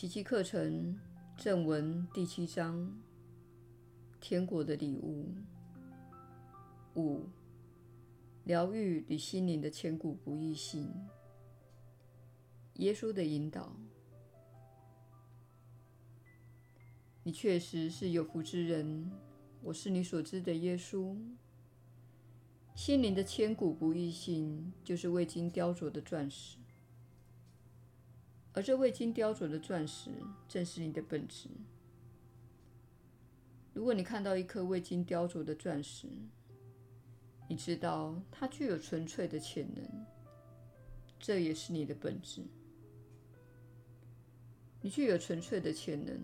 奇蹟課程正文第七章：天國的禮物五，療癒與心靈的千古不易性。耶穌的引導，你確實是有福之人。我是你所知的耶穌。心靈的千古不易性，就是未經雕琢的鑽石。而這未經雕琢的鑽石，正是你的本質。如果你看到一顆未經雕琢的鑽石，你知道它具有純粹的潛能，這也是你的本質。你具有純粹的潛能，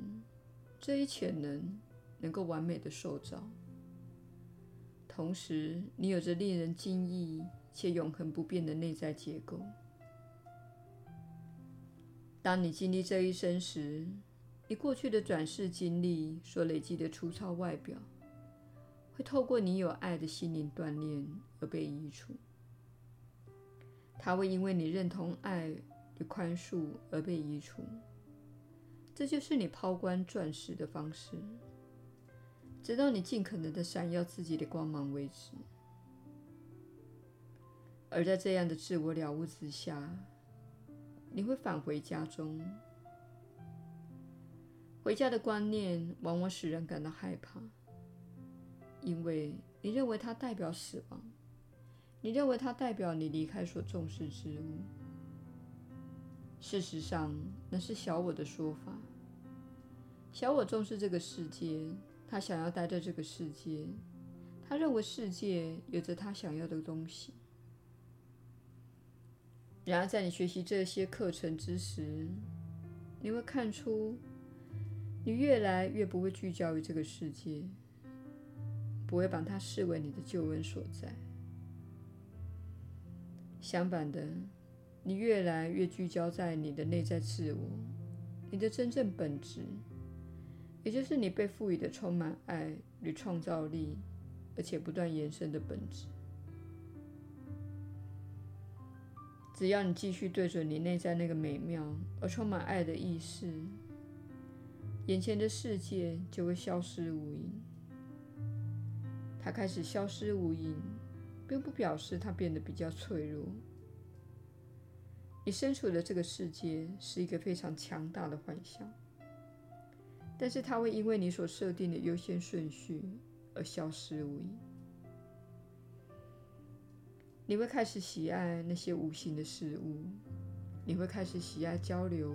這一潛能能夠完美地受造。同時，你有着令人驚異且永恆不變的內在結構。當你經歷這一生時，你過去的轉世經歷所累積的粗糙外表，會透過你有愛的心靈鍛煉而被移除。它會因為你認同愛與寬恕而被移除。這就是你拋光鑽石的方式，直到你盡可能地閃耀自己的光芒為止。而在這樣的自我了悟之下。你會返回家中。回家的觀念往往使人感到害怕，因為你認為它代表死亡，你認為它代表你離開所重視之物。事實上，那是小我的說法。小我重視這個世界，他想要待在這個世界，他認為世界有着他想要的東西。然而，在你學習這些課程之時，你會看出，你越來越不會聚焦於這個世界，不會把它視為你的救恩所在。相反的，你越來越聚焦在你的內在自我，你的真正本質，也就是你被賦予的充滿愛與創造力，而且不斷延伸的本質。只要你繼續對準你內在那個美妙而充滿愛的意識，眼前的世界就會消失無影。它開始消失無影，並不表示它變得比較脆弱。你身處的這個世界是一個非常強大的幻相，但是它會因為你所設定的優先順序而消失無影。你會開始喜愛那些無形的事物，你會開始喜愛交流，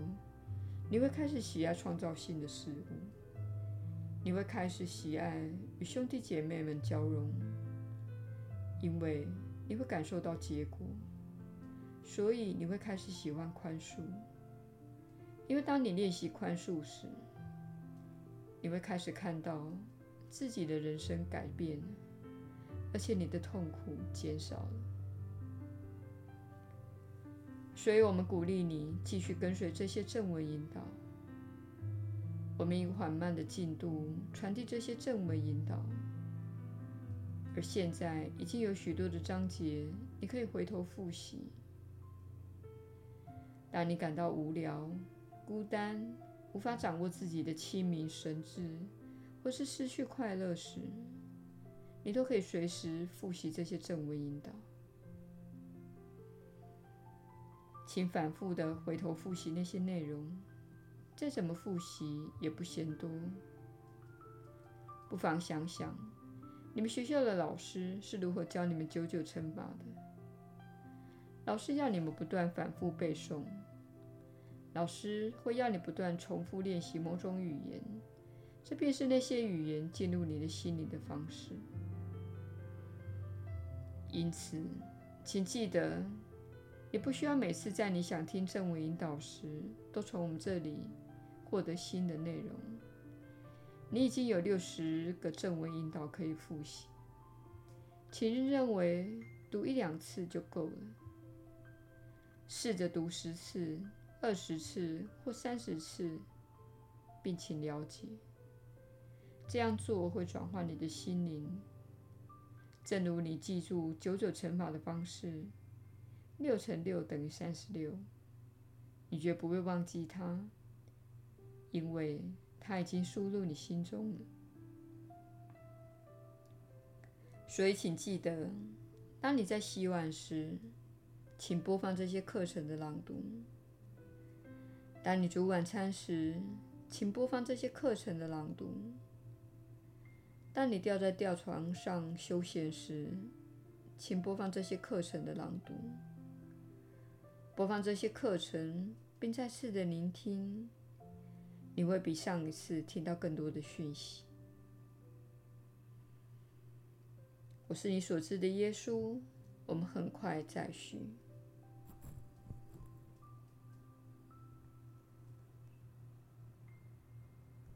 你會開始喜愛創造性的事物，你會開始喜愛與兄弟姐妹們交融。因為你會感受到結果，所以你會開始喜歡寬恕。因為當你練習寬恕時，你會開始看到自己的人生改變，而且你的痛苦減少了。所以我們鼓勵你繼續跟隨這些正文引導。我們以緩慢的進度傳遞這些正文引導，而現在已經有許多的章節，你可以回頭複習。當你感到無聊、孤單、無法掌握自己的清明神智，或是失去快樂時，你都可以隨時複習這些正文引導。請反覆地回頭複習那些內容，再怎麼複習也不嫌多。不妨想想，你們學校的老師是如何教你們九九乘法的？老師要你們不斷反覆背誦，老師會要你不斷重複練習某種語言，這便是那些語言進入你的心靈的方式。因此，請記得。也不需要每次在你想聽正文引導時，都從我們這裡獲得新的內容。你已經有六十個正文引導可以複習。請勿認為讀一兩次就夠了。試着讀十次、二十次或三十次，並請了解，這樣做會轉化你的心靈，正如你記住九九乘法的方式。六乘六等於三十六，你絕不會忘記它，因為它已經輸入你心中了。所以，請記得，當你在洗碗時，請播放這些課程的朗讀；當你煮晚餐時，請播放這些課程的朗讀；當你吊在吊床上休閒時，請播放這些課程的朗讀。播放這些課程，並再次的聆聽，你會比上一次聽到更多的訊息。我是你所知的耶穌，我們很快再敘。